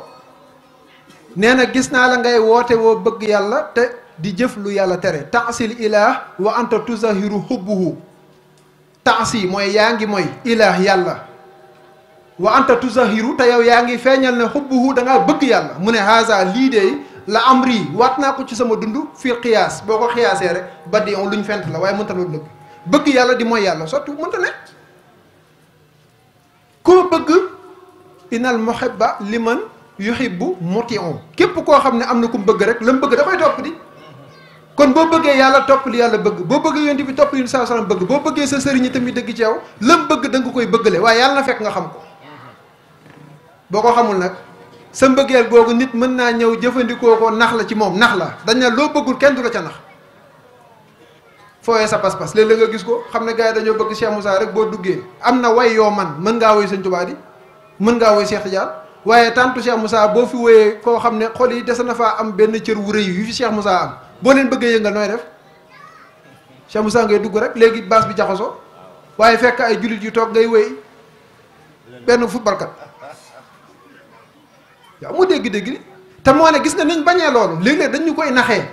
nee na gis naa la ngay woote woo bëgg yàlla te di jëf lu yàlla tere taasil ilaah wa anta tuzahiru hubbuhu taasi mooy yaa ngi mooy ilaah yàlla wa anta tuzahiru te yow yaa ngi feeñal ne xubbu da ngaa bëgg yàlla mu ne haza lii de la amri waat naa ko ci sama dund fii xiyaas boo ko xiyaasee rek ba di on luñ fent la waaye mënta loolu lëgg bëgg yàlla di mooy yàlla sotti mënta ne koo bëgg inal muhibba liman yuhibbu muti'un képp koo xam ne am na ku mu bëgg rek la mu bëgg dafay topp di kon boo bëggee yàlla topp li yàlla bëgg boo bëggee yonent bi topp li saa salaam bëgg boo bëggee sa sëriñ tamit dëgg ci yow la mu bëgg da nga koy bëggale waaye yàlla na fekk nga xam ko boo ko xamul nag sa mbëggeel googu nit mën naa ñëw jëfandikoo ko nax la ci moom nax la dañ ne loo bëggul kenn du la ca nax foye sa pass pass leele nga gis ko xam gaay dañu bëgg Cheikh Moussa rek bo duggé amna way yo man mën nga woy seigne Touba di mën nga woy Cheikh Tidiane waye tantu Cheikh Moussa bo fi woyee ko xam xol yi des na am ben cieur wu reuy yu fi Cheikh Moussa am boo leen bëggee yëngal noy def Cheikh Moussa ngay dugg rek léegi bass bi jaxoso waye fekk ay julit yu tok ngay woy benn footballkat yaa mu dégg-dégg ta mo ne gis nga niñ bañé lool léegi dañ ñukoy naxé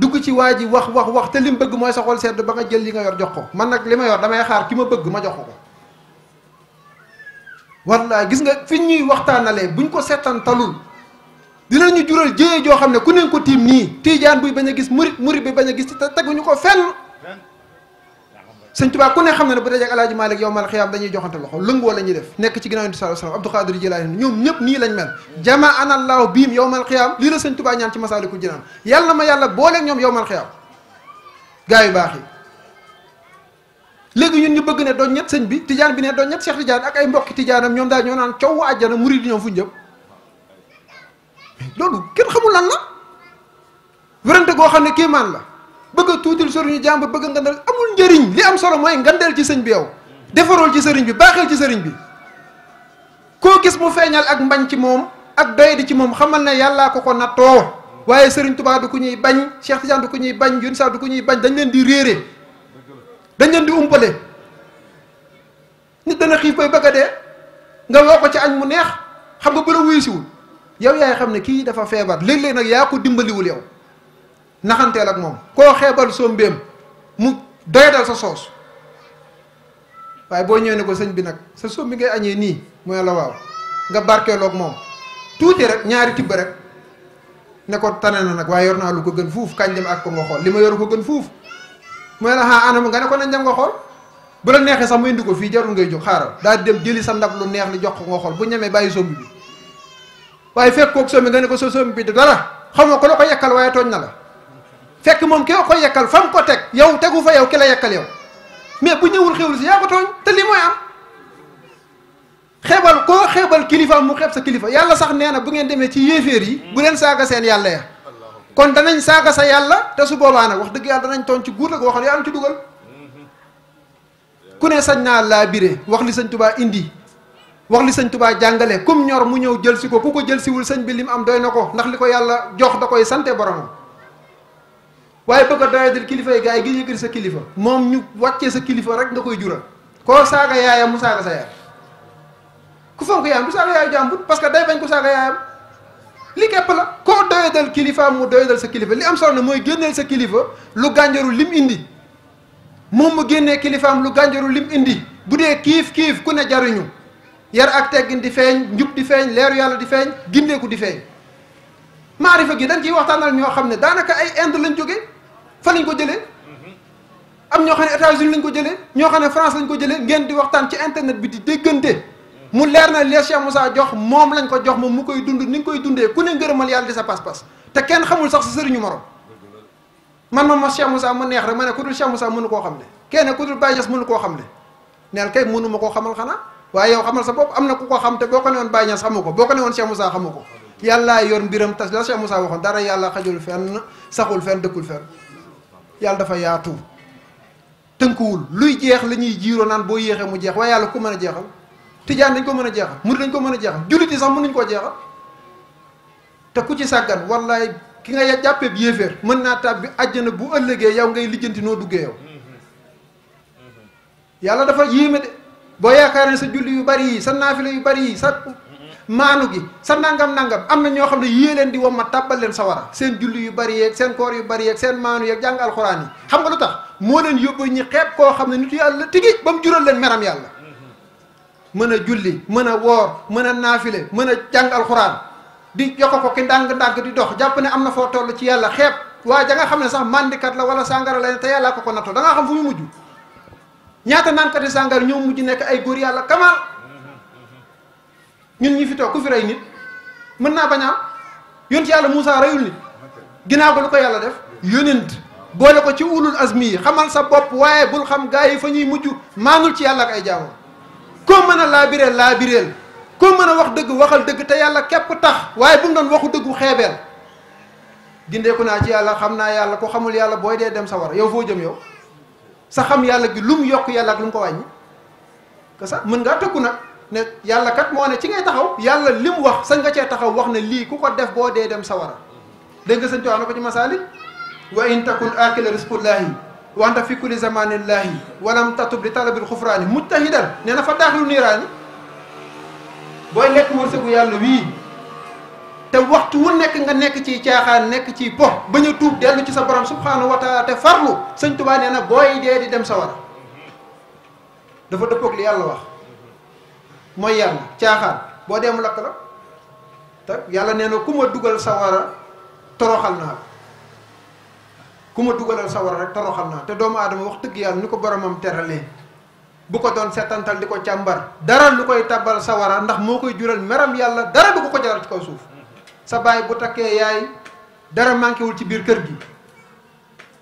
dugg ci waa ji wax wax wax te li mu bëgg mooy soxol sedd ba nga jël li nga yor jox ko man nag li ma yor damay xaar ki ma bëgg ma jox ko ko wallaay gis nga fi ñuy waxtaanalee buñ ko setantalul dinañu jural jéye joo xam ne ku neen ko tiim nii tiijaan buy bañ a gis murit murit bi bañ a gis te teguñu ko fenn sëñ Tuubaa ku ne xam na ne bu dajee ak alaaji Maalik yow mal xiyaam dañuy joxante loxo lëngoo la ñuy def nekk ci ginnaaw yonent sallallahu alayhi wasallam Abdou Xaadir Jilaani ñoom ñëpp nii lañ mel jama anallahu biim yow mal xiyaam lii la sëñ Tuubaa ñaan ci Masaalikul Jinaan yàlla ma yàlla booleeg ñoom yow mal gaa yi baax yi léegi ñun ñu bëgg ne doon ñett sëñ bi tijaan bi ne doon ñett Cheikh Tidiane ak ay mbokki tijaanam ñoom daal ñoo naan coow àjjana murid ñoom fu ñu jëm loolu kenn xamul lan la wérante goo xam ne kéemaan la bëgg a tuutil sëriñu jàmbur bëgg a ngandal amul njëriñ li am solo mooy ngandal ci sëñ bi yow defarool ci sëriñ bi baaxal ci sëriñ bi koo gis mu feeñal ak mbañ ci moom ak doy di ci moom xamal na yàllaa ko ko nattoo waaye sëriñ Tuubaa du ku ñuy bañ Cheikh Tidiane du ku ñuy bañ Yunus Sarr du ku ñuy bañ dañ leen di réere dañ leen di umpale nit dana xiif bay bëgg a nga woo ko ci añ mu neex xam nga bu la wuyusiwul yow yaay xam ne kii dafa feebar léeg-léeg nag yaa ko dimbaliwul yow naxanteel ak moom koo xeebal soo mbéem mu doyadal sa soos waaye boo ñëwee ne ko sëñ bi nag sa soom ngay añee nii mooy la waaw nga barkeeloog moom tuuti rek ñaari tibb rek ne ko tane na nag waaye yor naa lu ko gën fuuf kañ dem ak ko nga xool li ma yoru ko gën fuuf mooy la ah anam nga ne ko nañ dem nga xool bu la neexee sax mu ko fii jarul ngay jóg xaaral daal di dem jëli sa ndab lu neex li jox ko nga xool bu ñemee bàyyi sombi bi waaye fekk koog sombi ne ko sa sombi bi dara xamoo ko la ko yekkal waaye tooñ na la fekk moom ki nga ko yekkal fa mu ko teg yow tegu fa yow ki la yekkal yow mais bu ñëwul xewlu si yaa ko tooñ te li mooy am xeebal koo xeebal kilifa mu xeeb sa kilifa yàlla sax nee na bu ngeen demee ci yéeféer yi bu leen saaga seen yàlla ya kon danañ saaga sa yàlla te su boobaa nag wax dëgg yàlla danañ tooñ ci guur la waxal yaa am ci dugal ku ne sañ naa laa bire wax li sañ tubaa indi wax li sëñ tubaa jàngale kum ñor mu ñëw jël si ko ku ko jël siwul sëñ bi lim am doy na ko ndax li ko yàlla jox da koy sante boromam waaye bëgg a doyatil kilifa yi gars yi gi sa kilifa moom ñu wàccee sa kilifa rek nga koy jura koo saaga yaayam mu saaga sa yaay ku fonk yaayam du saaga yaayu jàmbur parce que day bañ ku saaga yaayam li képp la koo doyadal kilifa mu doyadal sa kilifa li am solo ne mooy génneel sa kilifa lu gànjaru lim indi moom mu génnee kilifaam lu gànjaru lim indi bu dee kiif kiif ku ne jaruñu yar ak teggin di feeñ njub di feeñ leeru yàlla di feeñ gindeeku di feeñ gi dañ ciy waxtaanal ñoo xam ne daanaka ay ind lañ jóge fa lañ ko jëlee mhm. am ñoo xam ne États-Unis lañ ko jëlee ñoo xam ne France lañ ko jëlee ngeen di waxtaan ci internet bi di déggante mu leer na les Cheikh Moussa jox moom lañ ko jox moom mu koy dund ni nga koy dundee ku ne ngërëmal yàlla di sa pas-pas te kenn xamul sax sa sëriñu morom man ma ma Cheikh Moussa neex rek ma ne ku dul Cheikh Moussa mënu koo xam ne kenn ku dul Baye mënu koo xam ne neel kay mënu ma koo xamal xanaa waaye yow xamal sa bopp am na ku ko xam te boo ko ne woon Baye Niass ko boo ko ne woon Cheikh Moussa xamu ko yàllaa yor mbiram tas dara yàlla xajul fenn saxul fenn dëkkul fenn yàlla dafa yaatu tënkuwul luy jeex la ñuy jiiroo naan boo yéexee mu jeex waaye yàlla ku a jeexal tijaan dañ ko mën a jeexal murid dañ ko mën a jeexal jullit yi sax mën nañ koo jeexal te ku ci sàggan wallaay ki nga jàppee bi yéeféer mën naa tàbbi àjjana bu ëllëgee yow ngay lijjanti noo duggee yow yàlla dafa yéeme de boo yaakaar ne sa julli yu bari yi sa naafile yu bari yi sa maanu gi sa nangam nangam am na ñoo xam ne yée leen di ma tàbbal leen sawara seen julli yu bari yeeg seen koor yu bari yeeg seen maanu yeeg jàng alxuraan yi xam nga lu tax moo leen yóbbu ñi xeeb koo xam ne nitu yàlla tiggi ba mu jural leen meram yàlla mën a julli mën a woor mën a naafile mën a jàng alxuraan di yokk ko ki ndànk-ndànk di dox jàpp ne am na foo toll ci yàlla xeeb waa ja nga xam ne sax màndikat la wala sàngara la te yàlla ko ko natto da nga xam fu mu mujj ñaata naankat yi sàngara ñoo mujj nekk ay góor yàlla kamal ñun ñi fi toog ku fi rey nit mën naa bañ a am yonent yàlla Moussa reyul nit ginnaaw ko lu ko yàlla def yonent boole ko ci ulul azmi yi xamal sa bopp waaye bul xam gaa yi fa ñuy mujj maanul ci yàlla ak ay jaamu koo mën a laa laabireel koo mën a wax dëgg waxal dëgg te yàlla képp tax waaye bu mu doon waxu dëggu xeebeel gindeeku naa ci yàlla xam naa yàlla ko xamul yàlla booy dee dem sa war yow foo jëm yow sa xam yàlla gi lu yokk yàlla ak ko wàññi mën ngaa tëkku nag ne yàlla kat moo ne ci ngay taxaw yàlla li mu wax sañ nga cee taxaw wax ne lii ku ko def boo dee dem sawara dégg nga sëñ Tuubaa na ko ci masaalik wa in takun aakila risqullaahi wa anta fi kulli zamanillaahi walam tatub li talabil xufraani mujtahidan nee na fa daaxilu niiraani booy lekk wërsëgu yàlla wii te waxtu wu nekk nga nekk ci caaxaan nekk ci po ba a tuub dellu ci sa borom subhaanahu wa te farlu sëñ Tuubaa nee na booy dee di dem sawara dafa dëppoog yàlla wax mooy yàlla caaxaan boo dee mu lakk la te yàlla nee na ku ma dugal sawara toroxal naa ku ma dugalal sawara rek toroxal naa te doomu aadama wax dëgg yàlla ni ko boromam teralee bu ko doon setantal di ko càmbar dara lu koy tabal sawara ndax moo koy jural meram yàlla dara du ko ko jaral ci kaw suuf sa baay bu takkee yaay dara manqué ci biir kër gi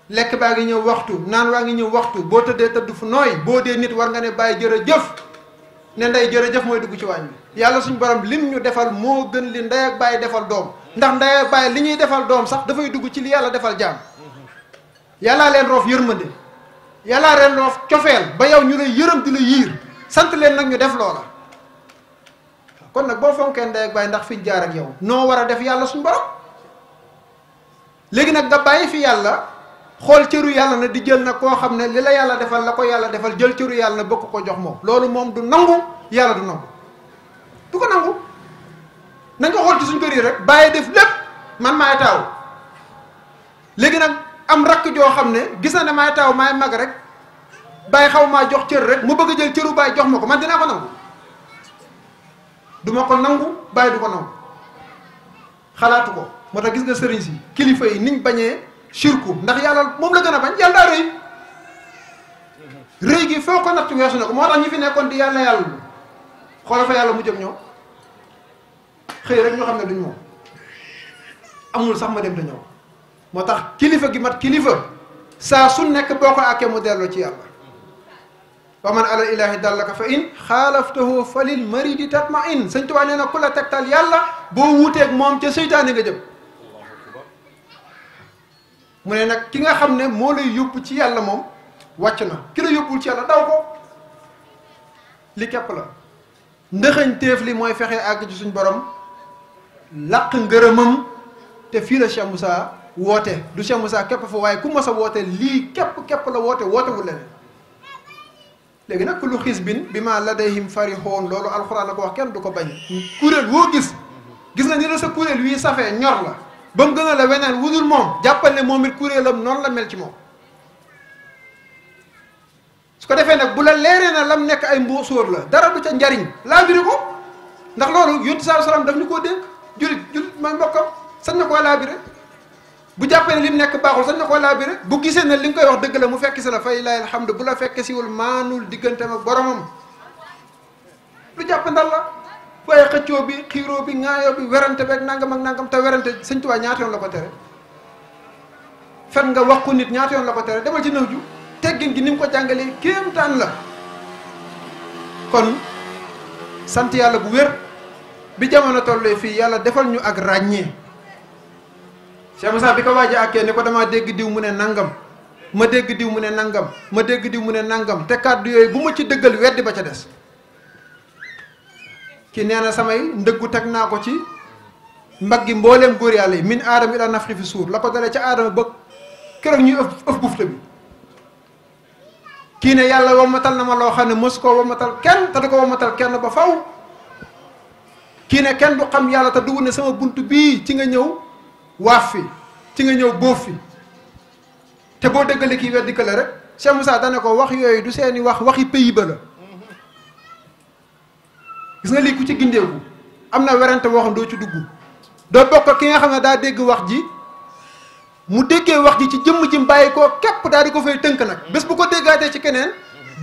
lekk baa ngi ñëw waxtu naan waa ngi ñëw waxtu boo tëddee tëdd fu nooy boo dee nit war nga ne bàyyi jërëjëf ne ndey jërëjëf mooy dugg ci waañ bi yàlla suñu borom lim ñu defal moo gën li ndey ak bàyyi defal doom ndax ndey ak bàyyi li ñuy defal doom sax dafay dugg ci li yàlla defal jaam yàllaa leen roof yërmande yàllaa leen roof cofeel ba yow ñu lay yërëm di la yiir sant leen nag ñu def loola kon nag boo fonkee ndey ak bàyyi ndax fi jaar ak yow noo war a def yàlla suñu borom léegi nag nga bàyyi fi yàlla xool cëru yàlla na di jël na koo xam ne li la yàlla defal la ko yàlla defal jël cëru yàlla na bëgg ko jox moom loolu moom du nangu yàlla du nangu du ko nangu ko xool ci suñ kër yi rek bàyyi def lépp man maay taaw léegi nag am rakk joo xam ne gis na ne taaw maay mag rek bàyyi xaw maa jox cër rek mu bëgg a cëru bàyyi jox ma ko man dinaa ko nangu ko nangu bàyyi du ko nangu xalaatu ko moo tax gis nga sëriñ si kilifa yi niñ bañee shirku ndax yàlla moom la gën a bañ yàlla rëy rëy gi foo ko natt weesu na ko moo tax ñi fi nekkoon di yàlla yàlla xoolal fa yàlla mu jëm ñoo xëy rek ñoo xam ne duñ moom amul sax ma dem te ñëw moo tax kilifa gi mat kilifa saa su nekk boo ko àkkee mu delloo ci yàlla wa man ala ilahi dallaka fa in xaalaftahu falil maridi tatma in sëñ Tuubaa nee na ku la tegtal yàlla boo wuuteeg moom ca seytaane nga jëm mu ne nag ki nga xam ne moo lay yóbbu ci yàlla moom wàcc na ki la yóbbul ci yàlla daw ko li kepp la ndëxañ téef li mooy fexe àgg ci suñ borom làq ngërëmam te fii la Cheikh Moussa woote du Cheikh Moussa képp fa waaye ku mos a woote lii képp képp la woote wootewul leneen léegi nag lu xisbin bi ma ladayhim farixoon loolu alxuraan la ko wax kenn du ko bañ kuréel woo gis gis na ni la sa kuréel wii safee ñor la ba mu gënal la weneen wudul moom jàppal ne moom it kuréelam noonu la mel ci moom su ko defee nag bu la leeree na lam nekk ay mbuusóor la dara lu ca njariñ laa biri ko ndax loolu yontu saa salaam daf ñu koo dénk julit julit mooy mbokkam sañ na koo laabire bu jàppee ne li mu nekk baaxul sañ na koo rek bu gisee ne li nga koy wax dëgg la mu fekk si la fay laay alhamdu bu la fekk siwul maanul diggante ma boromam lu jàpp ndal la waaye xëccoo bi xiiroo bi ŋaayoo bi werante beeg nangam ak nangam te werante sëñ Tuubaa ñaata yoon la ko tere fen nga wax ko nit ñaata yoon la ko tere demal ci nëw ju teggin gi ni mu ko jàngalee kéemtaan la kon sant yàlla bu wér bi jamono tollee fii yàlla defal ñu ak ràññee Cheikh Moussa bi ko waaj a àkkee ne ko damaa dégg diw mu ne nangam ma dégg diw mu ne nangam ma dégg diw mu ne nangam te kàddu yooyu bu ma ci dëggal weddi ba ca des ki nee na samay ndëggu teg naa ko ci mbaggi mbooleem góor yàlla yi min aadama ila nafxi fi suur la ko dalee ca aadama ba keroog ñuy ëf ëf bufta bi kii ne yàlla wamatal na ma loo xam ne mës koo wamatal kenn te du ko wamatal kenn ba faw kii ne kenn du xam yàlla te dugg ne sama bunt bii ci nga ñëw waaf fi ci nga ñëw boof fi te boo dëggalee kii weddi ko la rek Cheikh Moussa dana ko wax yooyu du seeni wax waxi pays ba la gis nga lii ku ci gindeeku am na werante boo xam doo ci dugg doo bokk ki nga xam ne daa dégg wax ji mu déggee wax ji ci jëmm ji bàyyi koo képp daal di ko fay tënk nag bés bu ko déggaatee ci keneen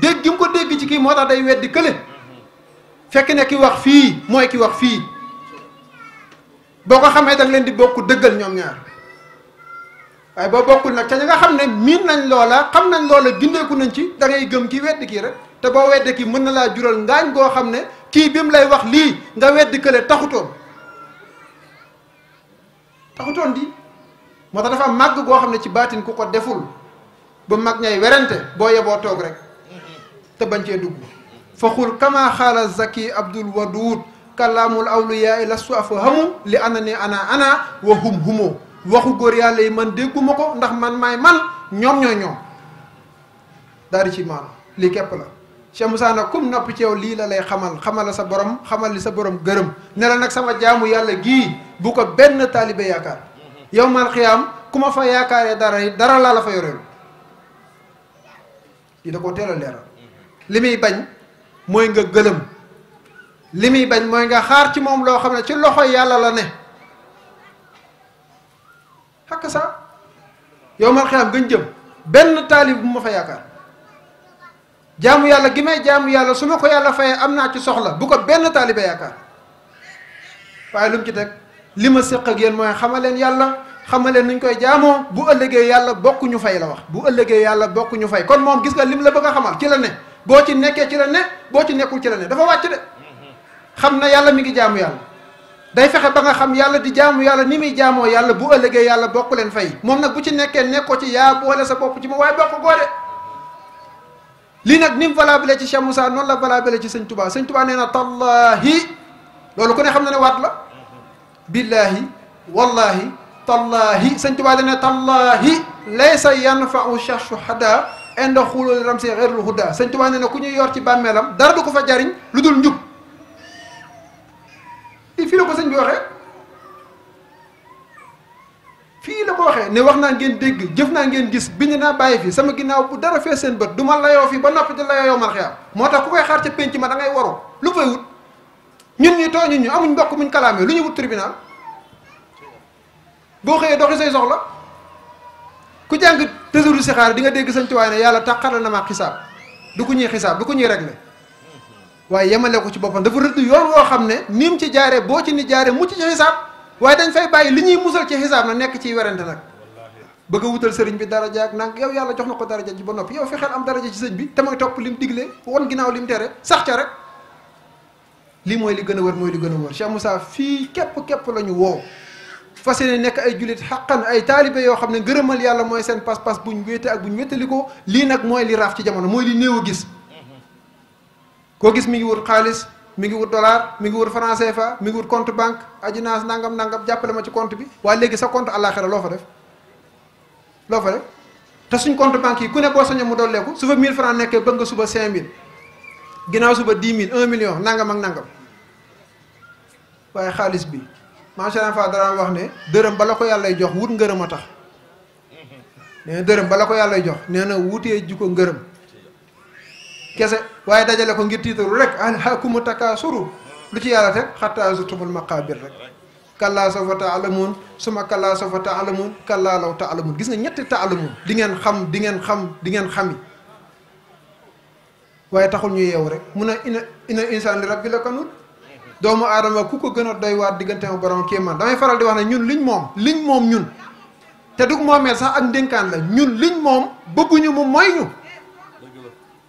dégg gi mu ko dégg ci kii moo tax day weddi kële fekk ne ki wax fii mooy ki wax fii boo ko xamee da nga leen di bokk dëggal ñoom ñaar waaye boo bokkul nag ca ña nga xam ne miin nañ loola xam nañ loola gindeeku nañ ci dangay ngay gëm kii weddi kii rek te boo weddi kii mën na laa jural ngaañ goo xam ne kii bi mu lay wax lii nga weddi kële taxutoon taxutoon di moo tax dafa màgg goo xam ne ci baatin ku ko deful ba mag ñay werante boo yeboo toog rek te bañ cee dugg fa xul kama xaala zaki abdul waduud kalaamul awliyaa lastu afhamu li ana ni ana ana wa hum humoo waxu góor yàlla yi man dégguma ko ndax man maay man ñoom ñooy ñoom daal di ci maanu lii képp la Cheikh Moussa nag kum nopp ci yow lii la lay xamal xamal sa borom xamal li sa borom gërëm ne nag sama jaamu yàlla gii bu ko benn taalibe yaakaar yow mal xiyaam ku ma fa yaakaaree dara dara laa la fa yoreel li da koo teel a leeral li muy bañ mooy nga gëlëm li muy bañ mooy nga xaar ci moom loo xam ne ci loxo yàlla la ne xakk sa yow mal xiyaam gën jëm benn taalib bu ma fa yaakaar jaamu yàlla gi may jaamu yàlla su ma ko yàlla fayee am naa ci soxla bu ko benn taalibe yaakaar waaye lu mu ci teg li ma séq ak yéen mooy xamaleen yàlla xamaleen nuñ koy jaamoo bu ëllëgee yàlla bokk ñu fay la wax bu ëllëgee yàlla bokk ñu fay kon moom gis nga mu la bëgg a xamal ci la ne boo ci nekkee ci la ne boo ci nekkul ci la ne dafa wàcc de xam na yàlla mi ngi jaamu yàlla day fexe ba nga xam yàlla di jaamu yàlla ni muy jaamoo yàlla bu ëllëgee yàlla bokk leen fay moom nag bu ci nekkee nekkoo ci yaa boole sa bopp ci ma waaye bokk goo lii nag ni mu valable ci Cheikh Moussa noonu la valable ci sëñ Touba sëñ Touba nee na tallaahi loolu ku ne xam na ne waat la billaahi wallaahi tallaahi sëñ Touba dana tallaahi laysa yanfau cherchu hada inda xulul ramsi xerlu huda sëñ Touba nee na ku ñuy yor ci bàmmeelam dara du ko fa jariñ lu dul njub fii la ko sëñ bi waxee fii la ko waxee ne wax naa ngeen dégg jëf naa ngeen gis bind naa bàyyi fii sama ginnaaw bu dara fee seen bët du ma layoo fi ba noppi di layoo yow man xeex moo tax ku koy xaar ca pénc ma da ngay waru lu fay wut ñun ñu tooñu ñu amuñ mbokk muñ kalaamee lu ñu wut tribunal boo xëyee doxi say soxla ku jàng tësuru si xaar di nga dégg sañ tuwaay ne yàlla taxaral na ma xisaab du ko ñuy xisaab du ko ñuy réglé waaye yemale ko ci boppam dafa rëdd yoon woo xam ne ni mu ci jaaree boo ci ni jaaree mucc ci xisaab waaye dañ fay bàyyi li ñuy musal ci xisaab na nekk ciy werante nag bëgg a wutal sëriñ bi daraja ak nag yow yàlla jox na ko daraja ji ba noppi yow fexeel am daraja ci sëñ bi te mooy topp lim digle won ginnaaw lim tere sax ca rek lii mooy li gën a wër mooy li gën a wër Cheikh Moussa fii képp képp la ñu woo fas yéene nekk ay jullit xaqan ay taalibe yoo xam ne ngërëmal yàlla mooy seen pas-pas ñu wéete ak buñ wéttaliko lii nag mooy li raaf ci jamono mooy li néew a gis koo gis mi ngi wut xaalis mi ngi wut dollar mi ngi wut franc fa mi ngi wut compte banque ajinaas nangam nangam jàppale ma ci compte bi waaye léegi sa compte àllaaxira loo fa def loo fa def te suñ compte banque yi ku nekkoo boo mu dolleeku su fa 1000 francs nekkee bëgg nga suba 5000 ginnaaw suba 10 000 1 million nangam ak nangam waaye xaalis bi macha allah fa dara wax ne dërëm bala ko yàllay jox wut ngërëm a tax mm-hmm. nee na dërëm bala ko yàllay jox nee na wutee ji ko ngërëm. kese waaye dajale ko ngir tiitaru rek an takka takaasuru lu ci yàlla teg xataa zurtumul maqaabir rek kallaa sawfa taalamuun suma kallaa sawfa taalamuun kallaa law taalamuun gis nga ñetti taalamuun di ngeen xam di ngeen xam di ngeen xami waaye taxul ñu yeewu rek mun a ina ina insaan li rabbi la kanut doomu aadama ku ko gën a doy waat diggante ma borom kéemaan damay faral di wax ne ñun liñ moom liñ moom ñun te dug moomeel sax ak ndénkaan la ñun liñ moom bëgguñu mu moy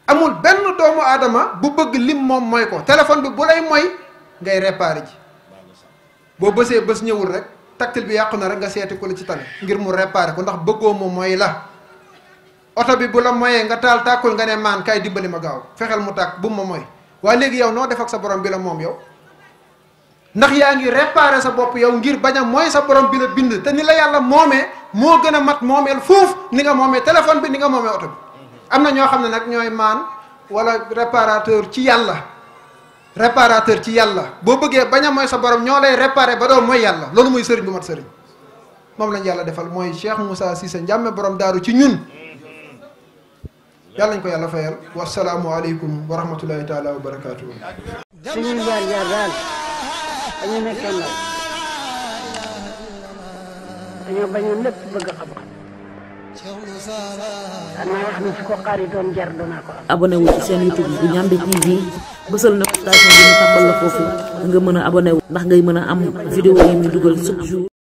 amul benn doomu adama bu bëgg lim mom moy ko téléphone bi bu lay moy ngay réparer ji bo bëssé bëss ñëwul rek taktil bi yaquna rek nga sété ko la ci tan ngir mu réparer ko ndax bëggo mu moy la auto bi bu la moyee nga tal takul nga né man kay dibali ma gaaw fexel mu tak bu ma moy wa légui yow no def ak sa borom bi la mom yow ndax ngi sa bop yow ngir baña moy sa borom bi la bind té ni la yalla momé mo gëna mat momel, fouf ni nga momé téléphone bi ni nga momé auto bi am na ñoo xam ne nag ñooy maan wala réparateur ci yàlla reparateur ci yàlla boo bëggee bañ a mooy sa borom ñoo lay réparé ba doon mooy yàlla loolu mooy sëriñ bu mat sëriñ moom lañ yàlla defal mooy Cheikh Moussa Cissé njàmme borom daaru ci ñun yàlla ñu ko yàlla fayal wasalaamu aleykum wa rahmatullahi taala wa barakaatu. ci jaar jaar daal dañu nekkoon daal dañoo bañoon lépp bëgg xam-xam dana wax ni su ko ko am. abonné wu ci seen YouTube bu Ndiamé TV bësal notification bi ñu tàmbal nga mën a abonné ndax ngay mën a am vidéo yi ñu dugal chaque jour.